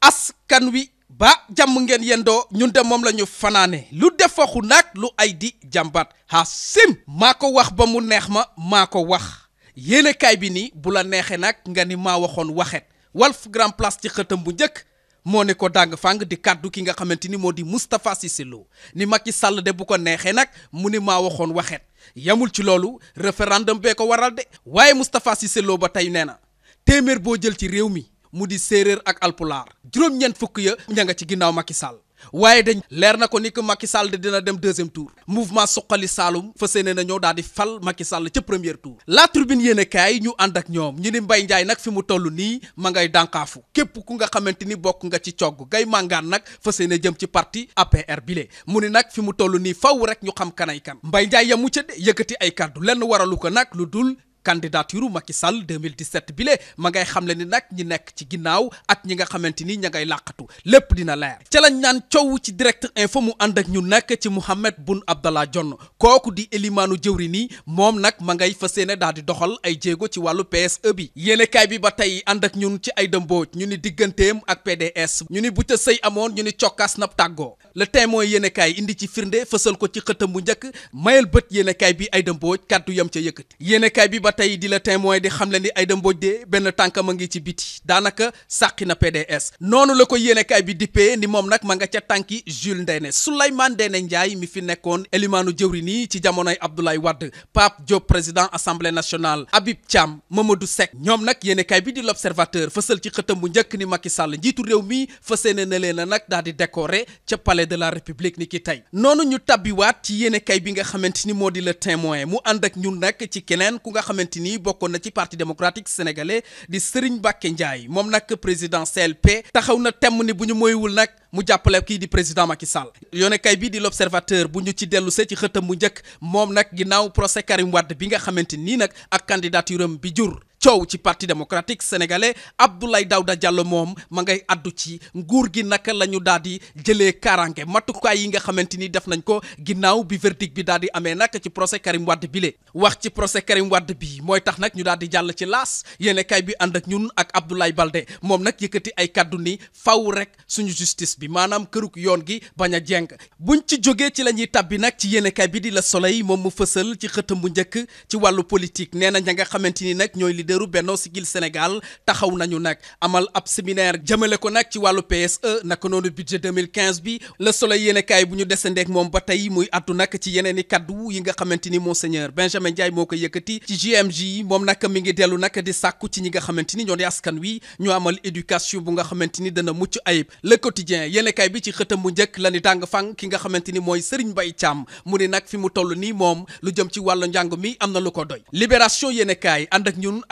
askan wi ba jàmm ngeen yendoo ñun de moom la ñu fanaane lu def defaxu nag lu ay di jàmbat hasim maa ko wax ba mu neex ma maa ko wax yéenekaay bi nii bu la neexee nag nga ni ma waxoon waxeet Walf Grand Place ci xëtam bu njëkk moo ne ko dàng fàng di kàddu ki nga xamante ni moo di Moustapha Cissé Lo ni Macky Sall de bu ko neexee nag mu ni maa waxoon waxeet yamul ci loolu référendum bee ko waral de waaye Moustapha Cissé Lo ba tey nee na téeméer boo jël ci réew mi mu di séeréer ak alpulaar juróom-ñeent fukk ya ña nga ci ginnaaw Macky Sall waaye dañ leer na ko ni que Macky Sall di dina dem deuxième tour mouvement suqali saalum fas yéene na ñëw daal di fal Macky Sall ca première tour la tribune yéen a kaay ñu ànd ak ñoom ñu ni Mbaye Ndiaye nag fi mu toll nii ma ngay dànkaafu képp ku nga xamante ni bokk nga ci cogg gay màngaan nag fas yéene jëm ci parti APR bile mu ni nag fi mu toll nii faw rek ñu xam kanay kan Mbaye Ndiaye yamu ca de yëkkati ay kaddu lenn waralu ko nag lu dul candidature Macky Sall 2017 bile ma ngay xamle ni nag ñi nekk ci ginnaaw ak ñi nga xamante ni ña ngay làqatu lépp dina leer ca lañ naan coow ci direct info mu ànd ak ñu nekk ci Mouhamed Boun Abdallah jonn kooku di élimaanu jëwri nii moom nag ma ngay fas ne daal di doxal ay jéego ci wàllu PSE bi yéenekaay bi ba tey ànd ak ñun ci ay dëmbooj ñu ni digganteem ak PDS ñu ni bu ca sëy amoon ñu ni cokkaas nab tàggoo le témoin yéenekaay indi ci firnde fësal ko ci xëtam bu njëkk mayel bët yéenekaay bi ay dëmbooj kàddu yam ca yëkkati yéenekaay tey di la témoin di xam le ay Aïda Mbodj de benn tànkam a ngi ci biti daanaka sàqi na PDS noonu la ko yéenekaay bi di dippee ni moom nag ma nga ca tànki Jules Ndéné Souleymane Ndéné Ndiaye mi fi nekkoon élimaanu jëwri nii ci jamonoy Abdoulaye Wade Pape Diop président assemblée nationale Habib ma du Seck ñoom nag yéenekaay bi di l'Observateur fësal ci xëtam bu njëkk ni Macky Sall njiitu réew mi fësee ne na leen nag daal di décorer ca palais de la république ni ki tey noonu ñu tabbiwaat ci yéenekaay bi nga xamante ni moo di la témoin mu ànd ak xamante ni bokkoon na ci parti démocratique sénégalais di Serigne Mbacké Ndiaye moom nag président CLP taxaw na temm ni bu ñu moywul nag mu jàppale kii di président Macky Sall yonekaay bi di l'observateur bu ñu ci dellu see ci xëtam bu njëkk moom nag ginnaaw procès Karim Wade bi nga xamante nii nag ak candidature am bi jur coow ci parti démocratique sénégalais Abdoulaye Daouda Diallo moom ma ngay àddu ci nguur gi naka la ñu daal di jëlee kaaraange matukaay yi nga xamante ni def nañ ko ginnaaw bi verdict bi daal di amee nag ci procès Karim Wade bile wax ci procès Karim wadd bi mooy tax nag ñu daal di jàll ci laas yéene bi ànd ak ñun ak Abdoulaye Balde moom nag yëkkati ay kàddu ni faw rek suñu justice bi maanaam këruk yoon gi bañ a jeng buñ ci jógee ci la ñuy tabbi nag ci yéene bi di la soleil moom mu fësal ci xëtam bu njëkk ci wàllu politique nee na ña nga xamante ni nag ñooy leaderu Benno Siggil Sénégal taxaw nañu nag amal ab séminaire jëmale ko nag ci wàllu PSE naka noonu budget 2015 bi Le Soleil yéenekaay bu ñu desandeek moom ba tey muy addu nag ci yeneen i kaddu yi nga xamante ni monseigneur Benjamin Ndiaye moo ko yëkkati ci GMG yi moom nag mi ngi dellu nag di sàkku ci ñi nga xamante ni ñoo di askan wi ñu amal éducation bu nga xamante ni dana mucc ayib Le Quotidien yenekaay bi ci xëtam bu njëkk la ni tàng fang ki nga xamante ni mooy Serigne Mbaye Thiam mu ni nag fi mu toll nii moom lu jëm ci wàllu njàng mi am na lu ko doy Libération yéenekaay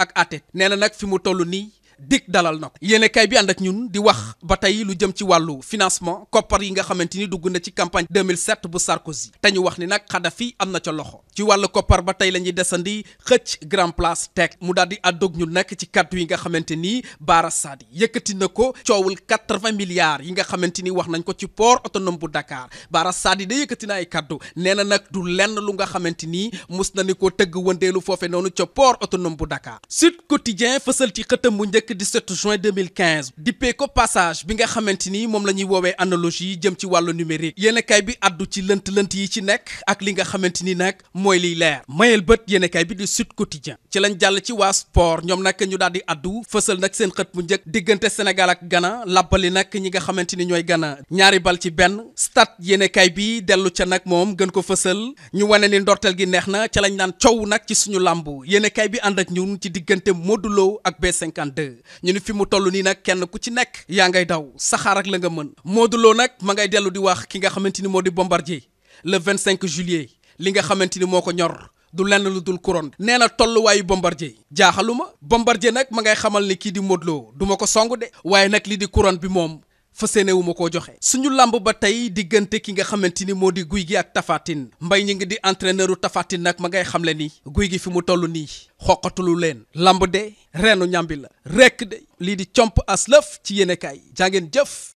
ak àtte nee na nag fi mu toll nii DIC dalal na ko yéene kay bi ànd ak ñun di wax ba tey lu jëm ci wàllu financement koppar yi nga xamante ni dugg na ci campagne 2007 bu Sarkozy te ñu wax ni nag Kadhafi am na ca loxo ci wàllu koppar ba tey la ñuy desandi xëcc grand place teg mu daal di àddoog ñu nekk ci kàddu yi nga xamante ni Bara Sadi yëkkati na ko coowul 80 milliards yi nga xamante ni wax nañ ko ci port autonome bu Dakar Bara Sadi da yëkkati na ay kàddu nee na nag du lenn lu nga xamante ni mus na ni ko tëgg wëndeelu foofe noonu ca port autonome bu Dakar Sud Quotidien fësal ci xëtam bu njëkk njëkk 17 juin 2015 dippee ko passage bi nga xamante ni moom la ñuy woowee analogie jëm ci wàllu numérique yéenekaay bi addu ci lënt-lënt yi ci nekk ak li nga xamante ni nag mooy liy leer mayel bët yéenekaay bi di Sud Quotidien ci lañ jàll ci waa sport ñoom nag ñu daal di addu fësal nag seen xët bu njëkk diggante Sénégal ak Ghana làbbali nag ñi nga xamante ni ñooy Ghana ñaari bal ci benn stade yéenekaay bi dellu ca nag moom gën ko fësal ñu wane ni ndorteel gi neex na ca lañ naan coow nag ci suñu làmb yéenekaay bi ànd ak ci diggante Modou Lo ak B52 ñu ni fi mu toll nii nag kenn ku ci nekk yaa ngay daw saxaar ak la nga mën Modou nag ma ngay dellu di wax ki nga xamante ni moo di Bombardier le 25 juillet li nga xamante ni moo ko ñor du lenn lu dul couronne nee na tolluwaayu Bombardier jaaxaluma Bombardier nag ma ngay xamal ni kii di Modou duma ko song de waaye nag li di couronne bi moom fa séenéwu ma koo joxe suñu làmb ba tey diggante ki nga xamante ni moo di guy gi ak tafaatin mbay ñi ngi di entraîneur u tafaatin nag ma ngay xamle ni guy gi fi mu toll nii xoqatulu leen làmb de reenu ñàmbi la rekk de lii di comp lëf ci yenekaay jàngeen jëf